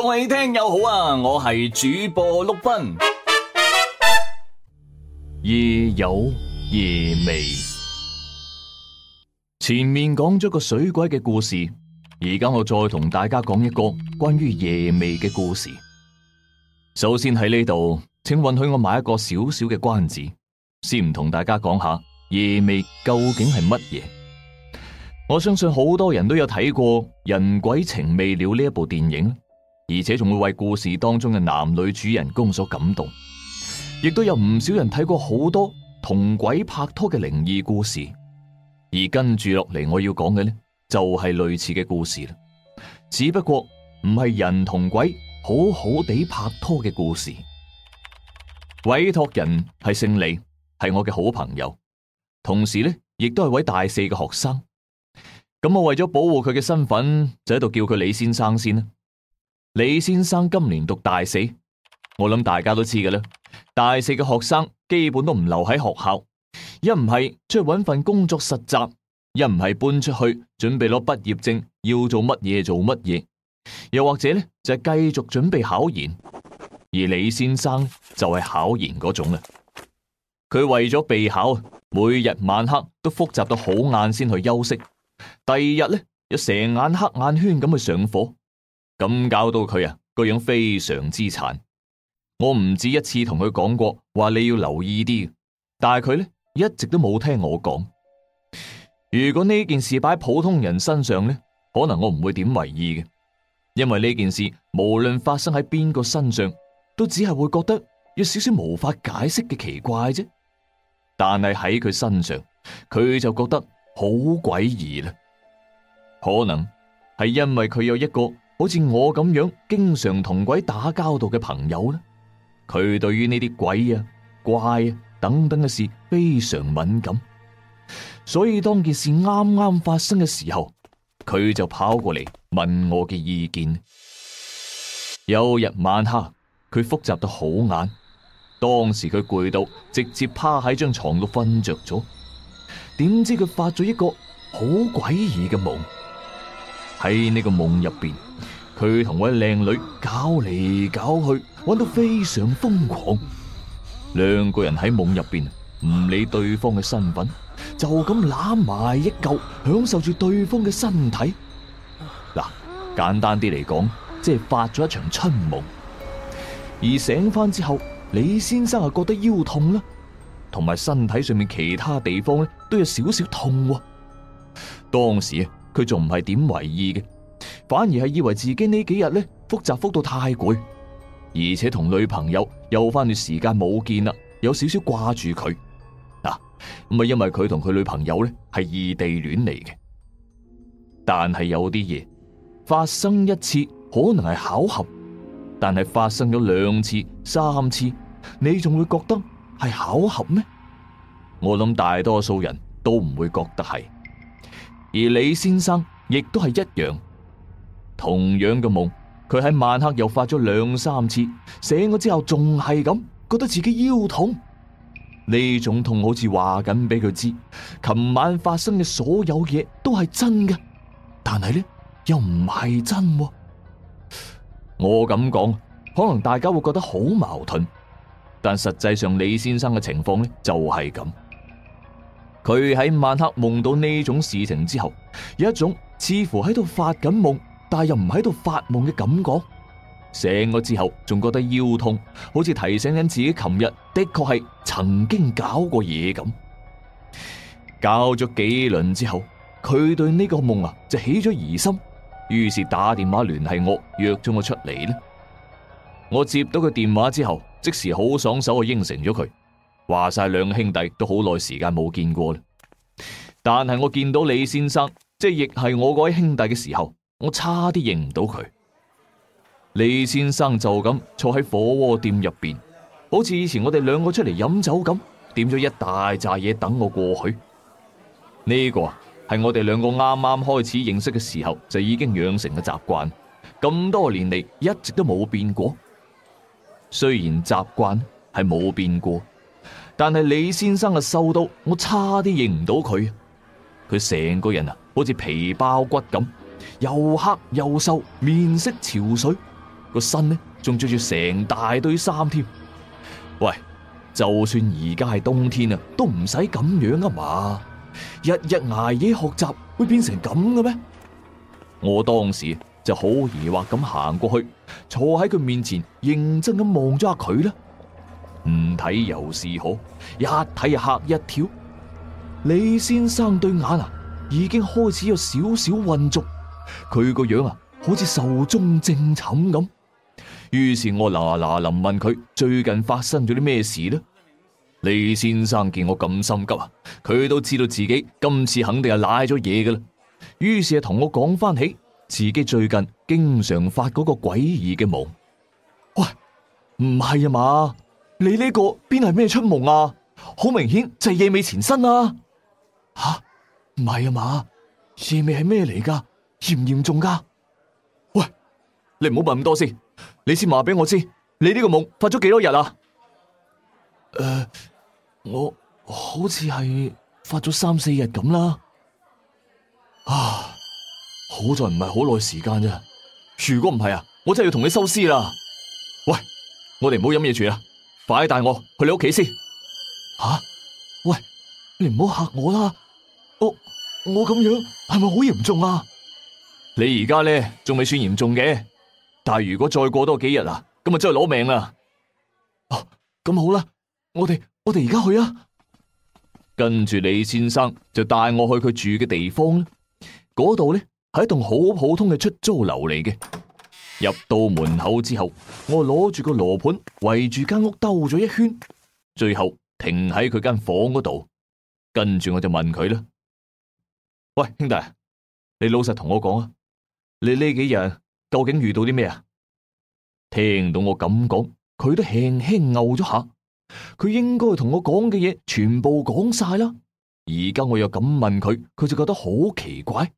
各位聽友好啊，我係主播碌斌。夜有夜魅，前面講咗個水鬼嘅故事，而家我再同大家講一個關於夜魅嘅故事。首先喺呢度，請允許我買一個小小嘅關子，先唔同大家講下夜魅究竟係乜嘢。我相信好多人都有睇過《人鬼情未了》呢一部電影。而且仲會為故事當中嘅男女主人公所感動，亦都有唔少人睇過好多同鬼拍拖嘅靈異故事。而跟住落嚟我要講嘅呢，就係類似嘅故事啦。只不過唔係人同鬼好好地拍拖嘅故事。委託人係姓李，係我嘅好朋友，同時呢亦都係位大四嘅學生。咁我為咗保護佢嘅身份，就喺度叫佢李先生先啦。李先生今年讀大四，我諗大家都知嘅啦。大四嘅學生基本都唔留喺學校，一唔係出去搵份工作實習，一唔係搬出去準備攞畢業證，要做乜嘢做乜嘢，又或者咧就係繼續準備考研。而李先生就係考研嗰種啦。佢為咗備考，每日晚黑都復習到好晏先去休息，第二日咧又成眼黑眼圈咁去上課。咁搞到佢啊，個樣非常之慘。我唔止一次同佢講過，話你要留意啲，但係佢咧一直都冇聽我講。如果呢件事擺喺普通人身上咧，可能我唔會點為意嘅因為呢件事無論發生喺邊個身上，都只係會覺得有少少無法解釋嘅奇怪啫。但係喺佢身上，佢就覺得好詭異啦。可能係因為佢有一個。好似我咁樣經常同鬼打交道嘅朋友呢，佢對於呢啲鬼啊、怪啊等等嘅事非常敏感，所以當件事啱啱發生嘅時候，佢就跑過嚟問我嘅意見。有日晚黑，佢複習到好晏，當時佢攰到直接趴喺張床度瞓着咗，點知佢發咗一個好詭異嘅夢。喺呢個夢入邊，佢同位靚女搞嚟搞去，玩到非常瘋狂。兩個人喺夢入邊唔理對方嘅身份，就咁攬埋一嚿，享受住對方嘅身體。嗱，簡單啲嚟講，即係發咗一場春夢。而醒翻之後，李先生啊覺得腰痛啦，同埋身體上面其他地方咧都有少少痛啊。當時啊。佢仲唔係點為意嘅，反而係以為自己幾呢幾日咧復習復到太攰，而且同女朋友又番段時間冇見啦，有少少掛住佢。嗱咁啊，因為佢同佢女朋友咧係異地戀嚟嘅，但係有啲嘢發生一次可能係巧合，但係發生咗兩次、三次，你仲會覺得係巧合咩？我諗大多數人都唔會覺得係。而李先生亦都係一樣，同樣嘅夢，佢喺晚黑又發咗兩三次，醒咗之後仲係咁覺得自己腰痛，呢種痛好似話緊俾佢知，琴晚發生嘅所有嘢都係真嘅，但係咧又唔係真啊。我咁講，可能大家會覺得好矛盾，但實際上李先生嘅情況咧就係咁。佢喺晚黑夢到呢種事情之後，有一種似乎喺度發緊夢，但又唔喺度發夢嘅感覺。醒咗之後，仲覺得腰痛，好似提醒緊自己，琴日的確係曾經搞過嘢咁。搞咗幾輪之後，佢對呢個夢啊就起咗疑心，於是打電話聯繫我，約咗我出嚟呢。我接到佢電話之後，即時好爽手就應承咗佢。話晒兩兄弟都好耐時間冇見過啦，但係我見到李先生，即係亦係我嗰位兄弟嘅時候，我差啲認唔到佢。李先生就咁坐喺火鍋店入邊，好似以前我哋兩個出嚟飲酒咁，點咗一大扎嘢，等我過去。呢個啊係我哋兩個啱啱開始認識嘅時候就已經養成嘅習慣，咁多年嚟，一直都冇變過。雖然習慣係冇變過。但係李先生啊，瘦到我差啲認唔到佢，佢成個人啊，好似皮包骨咁，又黑又瘦，面色憔悴，個身呢仲，着住成大堆衫添。喂，就算而家係冬天啊，都唔使咁樣啊嘛，日日捱夜學習會變成咁嘅咩？我當時就好疑惑咁行過去，坐喺佢面前認真咁望咗下佢啦。唔睇又是可，一睇又嚇一跳。李先生對眼啊，已經開始有少少混濁，佢個樣啊，好似壽終正寢咁。於是我嗱嗱臨問佢最近發生咗啲咩事呢？李先生見我咁心急啊，佢都知道自己今次肯定係瀨咗嘢噶啦，於是啊同我講翻起自己最近經常發嗰個詭異嘅夢。喂，唔係啊嘛？你呢個邊係咩春夢啊？好明顯就係夜魅前身啊！吓、啊，唔係啊嘛？夜魅係咩嚟㗎？嚴唔嚴重㗎？喂，你唔好問咁多先，你先話俾我知，你呢個夢發咗幾多日啊？誒、呃，我好似係發咗三四日咁啦。啊，好在唔係好耐時間啫。如果唔係啊，我真係要同你收屍啦。喂，我哋唔好飲嘢住啦。快帶我去你屋企先！吓、啊，喂，你唔好嚇我啦！我我咁樣係咪好嚴重啊？你而家咧仲未算嚴重嘅，但係如果再過多幾日啊，咁啊真係攞命啦！哦，咁好啦，我哋我哋而家去啊！跟住李先生就帶我去佢住嘅地方啦。嗰度咧係一棟好普通嘅出租樓嚟嘅。入到門口之後，我攞住個羅盤圍住間屋兜咗一圈，最後停喺佢間房嗰度。跟住我就問佢啦：喂，兄弟，你老實同我講啊，你呢幾日究竟遇到啲咩啊？聽到我咁講，佢都輕輕嘔咗下。佢應該同我講嘅嘢全部講晒啦。而家我又咁問佢，佢就覺得好奇怪。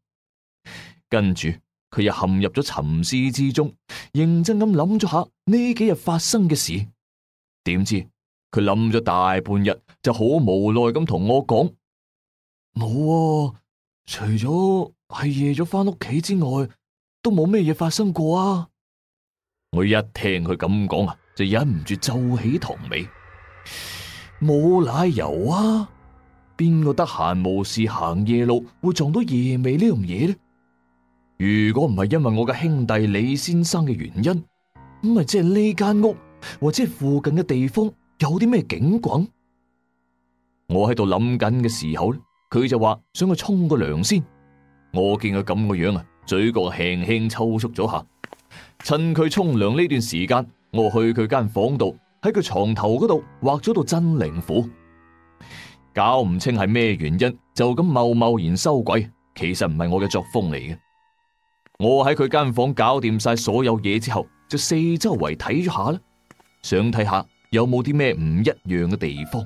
跟住。佢又陷入咗沉思之中，認真咁諗咗下呢幾日發生嘅事，點知佢諗咗大半日，就好無奈咁同我講：冇啊，除咗係夜咗返屋企之外，都冇咩嘢發生過啊！我一聽佢咁講啊，就忍唔住皺起糖尾，冇奶油啊！邊個得閒無事行夜路會撞到夜魅呢樣嘢呢？如果唔係因為我嘅兄弟李先生嘅原因，咁咪即係呢間屋或者附近嘅地方有啲咩景廣？我喺度諗緊嘅時候，佢就話想去沖個涼先。我見佢咁嘅樣啊，嘴角輕輕抽搐咗下。趁佢沖涼呢段時間，我去佢間房度喺佢床頭嗰度畫咗道真靈符。搞唔清係咩原因，就咁貿貿然收鬼，其實唔係我嘅作風嚟嘅。我喺佢間房搞掂晒所有嘢之後，就四周圍睇咗下啦，想睇下有冇啲咩唔一樣嘅地方。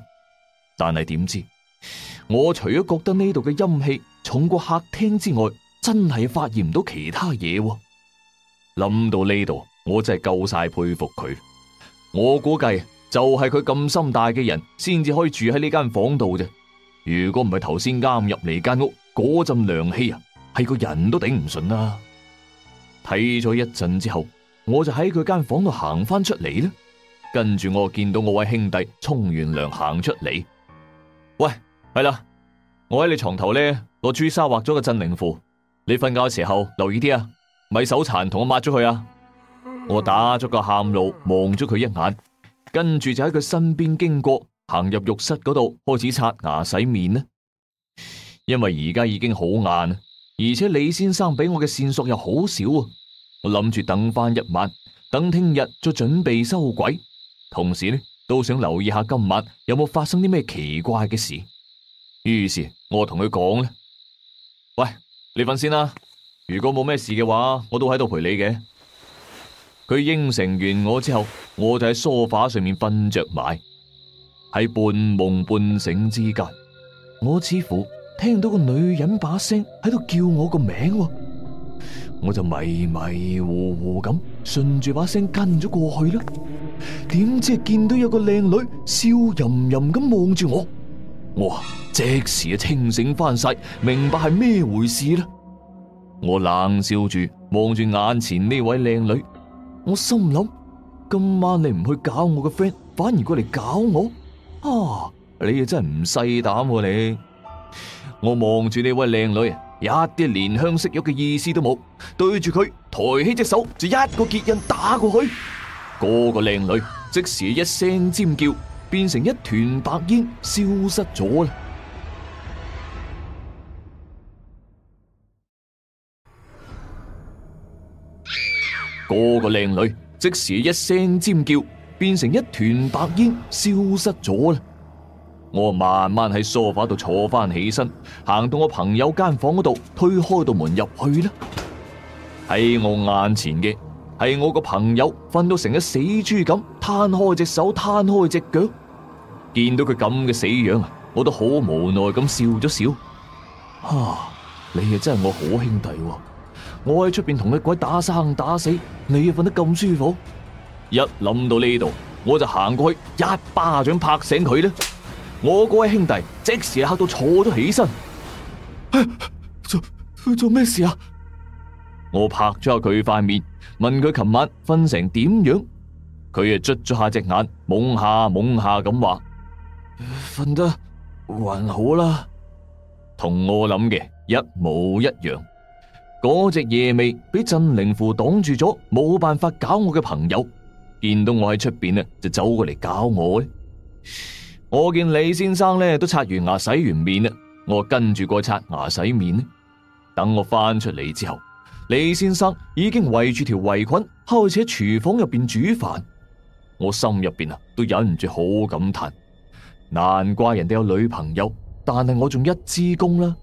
但係點知我除咗覺得呢度嘅陰氣重過客廳之外，真係發現唔到其他嘢。諗到呢度，我真係夠晒佩服佢。我估計就係佢咁心大嘅人，先至可以住喺呢間房度啫。如果唔係頭先啱入嚟間屋嗰陣涼氣啊，係個人都頂唔順啦。睇咗一陣之後，我就喺佢間房度行翻出嚟啦。跟住我見到我位兄弟沖完涼行出嚟，喂，係啦，我喺你床頭咧攞朱砂畫咗個鎮靈符，你瞓覺嘅時候留意啲啊，咪手殘同我抹咗佢啊！我打咗個喊路望咗佢一眼，跟住就喺佢身邊經過，行入浴室嗰度開始刷牙洗面呢，因為而家已經好晏。而且李先生俾我嘅線索又好少啊！我諗住等翻一晚，等聽日再準備收鬼。同時呢，都想留意下今晚有冇發生啲咩奇怪嘅事。於是我同佢講咧：喂，你瞓先啦。如果冇咩事嘅話，我都喺度陪你嘅。佢應承完我之後，我就喺梳化上面瞓着埋。喺半夢半醒之間，我似乎。聽到個女人把聲喺度叫我個名，我就迷迷糊糊咁順住把聲跟咗過去啦。點知見到有個靚女笑吟吟咁望住我，我即時就清醒返晒，明白係咩回事嘞。我冷笑住望住眼前呢位靚女，我心諗，今晚你唔去搞我個 friend，反而過嚟搞我，啊！你又真係唔細膽你。我望住呢位靚女，一啲憐香惜玉嘅意思都冇，對住佢抬起隻手就一個結印打過去，個個靚女即時一聲尖叫，變成一團白煙消失咗啦。 個個靚女即時一聲尖叫，變成一團白煙消失咗啦。我慢慢喺梳化度坐翻起身，行到我朋友間房嗰度，推開道門入去啦。喺我眼前嘅係我個朋友，瞓到成隻死豬咁，攤開隻手，攤開隻腳。見到佢咁嘅死樣啊，我都好無奈咁笑咗笑。哈，你又真係我好兄弟，我喺出邊同啲鬼打生打死，你又瞓得咁舒服。一諗到呢度，我就行過去一巴掌拍醒佢啦。我嗰位兄弟即時嚇到坐咗起身，做做咩事啊？我拍咗下佢塊面，問佢琴晚瞓成點樣？佢啊捽咗下隻眼，懵下懵下咁話：瞓得還好啦，同我諗嘅一模一樣。嗰隻夜味俾鎮靈符擋住咗，冇辦法搞我嘅，朋友見到我喺出邊咧，就走過嚟搞我咧。我見李先生咧都刷完牙、洗完面啦，我跟住個刷牙洗面。等我翻出嚟之後，李先生已經圍住條圍裙，開始喺廚房入邊煮飯。我心入邊啊，都忍唔住好感嘆，難怪人哋有女朋友，但係我仲一枝公啦，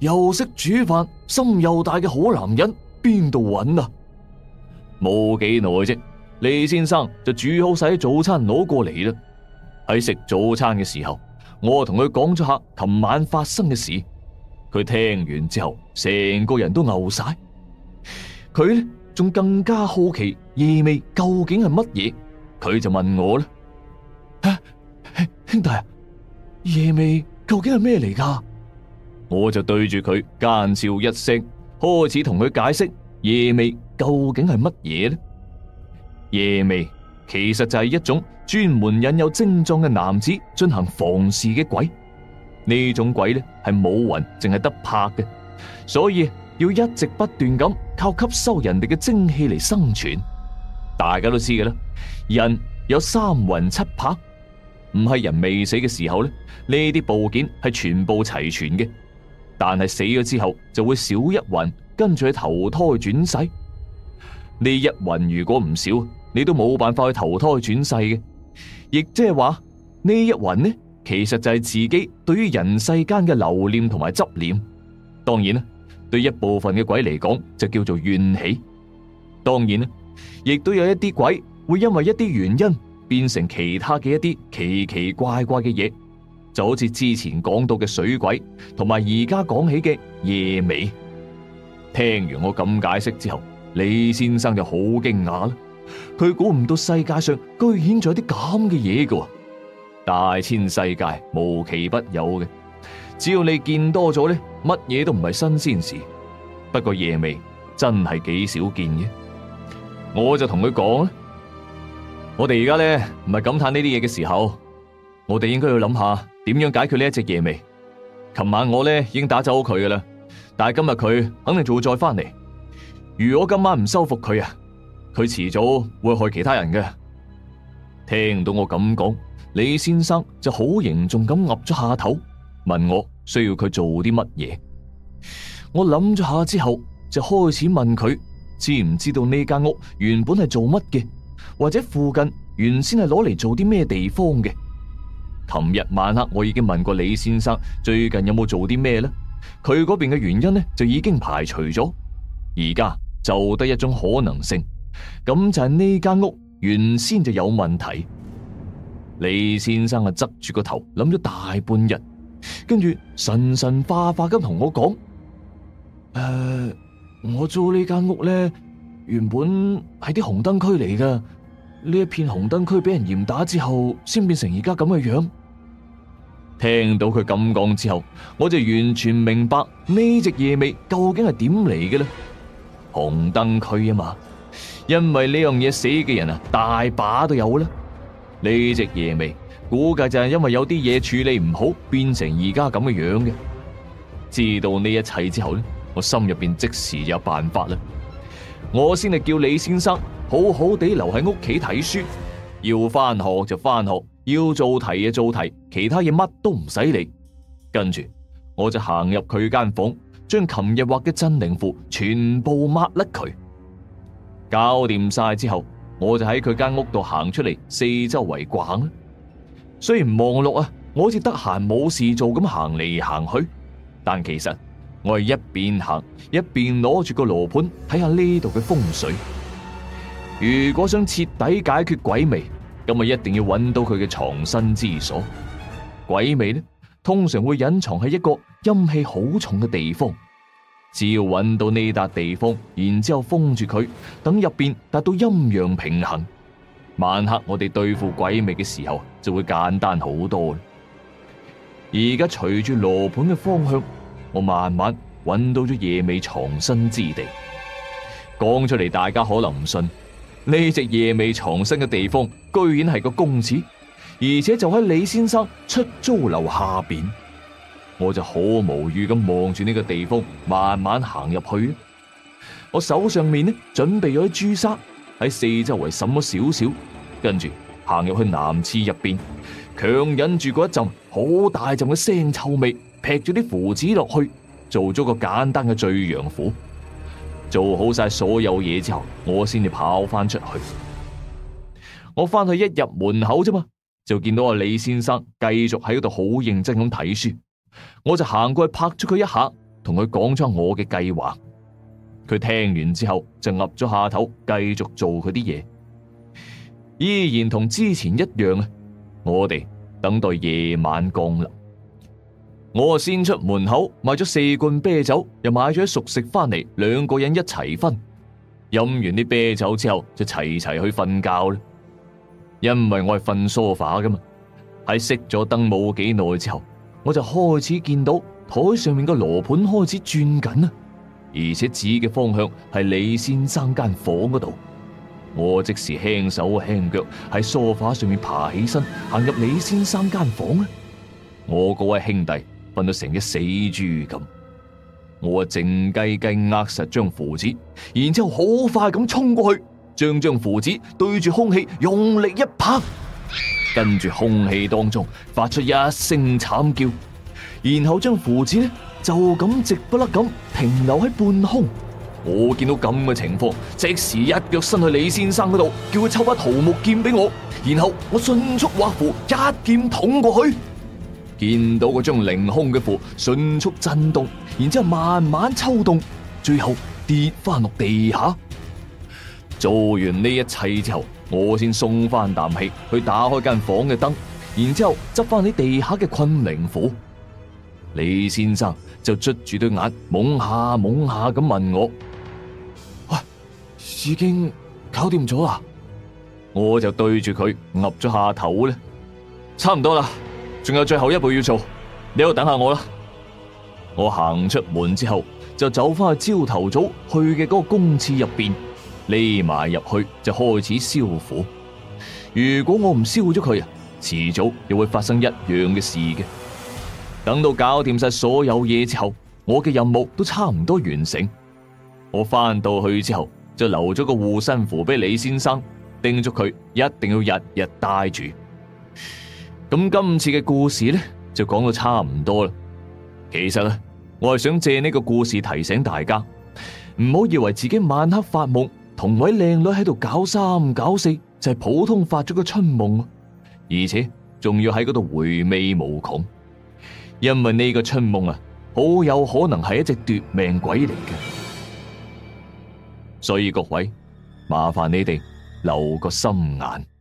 又識煮飯、心又大嘅好男人邊度揾啊？冇幾耐啫，李先生就煮好晒早餐，攞過嚟啦。喺食早餐嘅時候，我同佢講咗下琴晚發生嘅事。佢聽完之後，成個人都嘔晒。佢呢仲更加好奇夜魅究竟係乜嘢，佢就問我啦：吓，兄弟，夜魅究竟係咩嚟㗎？我就對住佢奸笑一聲，開始同佢解釋夜魅究竟係乜嘢呢？夜魅其實就係一種專門引誘精壯嘅男子進行房事嘅鬼，呢種鬼咧係冇魂，淨係得魄嘅，所以要一直不斷咁靠吸收人哋嘅精氣嚟生存。大家都知嘅啦，人有三魂七魄，唔係人未死嘅時候咧，呢啲部件係全部齊全嘅，但係死咗之後就會少一魂，跟住去投胎轉世。呢一魂如果唔少，你都冇辦法去投胎轉世嘅。亦即係話呢一魂呢，其實就係自己對於人世間嘅留念同埋執念。當然啦，對一部分嘅鬼嚟講，就叫做怨氣。當然啦，亦都有一啲鬼會因為一啲原因變成其他嘅一啲奇奇怪怪嘅嘢，就好似之前講到嘅水鬼，同埋而家講起嘅夜魅。聽完我咁解釋之後，李先生就好驚訝啦。佢估唔到世界上居然仲有啲咁嘅嘢噶，大千世界無奇不有嘅。只要你見多咗咧，乜嘢都唔係新鮮事。不過夜魅真係幾少見嘅，我就同佢講啦，我哋而家咧，唔係感嘆呢啲嘢嘅時候，我哋應該要諗下點樣解決呢一隻夜魅。琴晚我咧已經打走佢噶啦，但係今日佢肯定仲會再翻嚟。如果今晚唔收服佢啊！佢遲早會害其他人嘅。聽到我咁講，李先生就好凝重咁岌咗下頭，問我需要佢做啲乜嘢。我諗咗下之後，就開始問佢知唔知道呢間屋原本係做乜嘅，或者附近原先係攞嚟做啲咩地方嘅。琴日晚黑我已經問過李先生最近有冇做啲咩咧，佢嗰邊嘅原因呢就已經排除咗，而家就得一種可能性。咁就係呢間屋原先就有問題。李先生啊，側住個頭諗咗大半日，跟住神神化化咁同我講：誒、呃，我租呢間屋咧，原本係啲紅燈區嚟噶。呢一片紅燈區俾人嚴打之後，先變成而家咁嘅樣。聽到佢咁講之後，我就完全明白呢隻夜味究竟係點嚟嘅啦。紅燈區啊嘛。因為呢樣嘢，死嘅人啊，大把都有啦。呢隻夜魅估計就係因為有啲嘢處理唔好，變成而家咁嘅樣嘅。知道呢一切之後呢，我心入邊即時有辦法啦。我先係叫李先生好好地留喺屋企睇書，要翻學就翻學，要做題就做題，其他嘢乜都唔使理。跟住我就行入佢間房，將琴日畫嘅真靈符全部抹甩佢。搞掂晒之後，我就喺佢間屋度行出嚟，四周圍逛啦。雖然忙碌啊，我好似得閒冇事做咁行嚟行去，但其實我係一邊行一邊攞住個羅盤睇下呢度嘅風水。如果想徹底解決鬼魅，咁啊一定要搵到佢嘅藏身之所。鬼魅咧通常會隱藏喺一個陰氣好重嘅地方。只要揾到呢笪地方，然之後封住佢，等入面達到陰陽平衡，晚黑我哋對付鬼魅嘅時候就會簡單好多。而家隨住羅盤嘅方向，我慢慢揾到咗夜魅藏身之地。講出嚟，大家可能唔信，呢隻夜魅藏身嘅地方，居然係個公廁，而且就喺李先生出租樓下面。我就好無語咁望住呢個地方，慢慢行入去。我手上面呢，準備咗啲朱砂喺四周圍滲咗少少，跟住行入去南廁入邊，強忍住嗰一陣好大陣嘅腥臭味，劈咗啲符紙落去，做咗個簡單嘅醉陽符。做好晒所有嘢之後，我先至跑翻出去。我翻去一入門口啫嘛，就見到阿李先生繼續喺嗰度好認真咁睇書。我就行過去拍咗佢一下，同佢講咗我嘅計劃。佢聽完之後就岌咗下頭，繼續做佢啲嘢，依然同之前一樣啊。我哋等待夜晚降臨。我先出門口買咗四罐啤酒，又買咗熟食翻嚟，兩個人一齊分飲完啲啤酒之後，就齊齊去瞓覺啦。因為我係瞓梳化噶嘛，喺熄咗燈冇幾耐之後。我就開始見到台上面個羅盤開始轉緊啦，而且指嘅方向係李先生間房嗰度。我即時輕手輕腳喺梳化上面爬起身，行入李先生間房啊！我嗰位兄弟瞓到成隻死豬咁，我靜雞雞握實張符紙，然之後好快咁衝過去，將張符紙對住空氣用力一拍。跟住空氣當中發出一聲慘叫，然後將符子咧就咁直不甩咁停留喺半空。我見到咁嘅情況，即時一腳伸去李先生嗰度，叫佢抽把桃木劍俾我。然後我迅速畫符，一劍捅過去。見到嗰張凌空嘅符迅速震動，然之後慢慢抽動，最後跌翻落地下。做完呢一切之後，我先鬆翻啖氣，去打開間房嘅燈，然之後執翻起地下嘅困靈符。李先生就捽住對眼，懵下懵下咁問我：喂、啊，已經搞掂咗啦。我就對住佢岌咗下頭咧，差唔多啦，仲有最後一步要做，你喺度等下我啦。我行出門之後，就走翻去朝頭早去嘅嗰個公廁入邊。匿埋入去就開始燒火，如果我唔燒咗佢啊，遲早又會發生一樣嘅事嘅。等到搞掂晒所有嘢之後，我嘅任務都差唔多完成。我翻到去之後就留咗個護身符俾李先生，叮囑佢一定要日日戴住。咁今次嘅故事呢就講到差唔多啦。其實呢、啊，我係想借呢個故事提醒大家，唔好以為自己晚黑發夢，同位靚女喺度搞三搞四，就係普通發咗個春夢，而且仲要喺嗰度回味無窮。因為呢個春夢啊，好有可能係一隻奪命鬼嚟嘅，所以各位，麻煩你哋留個心眼。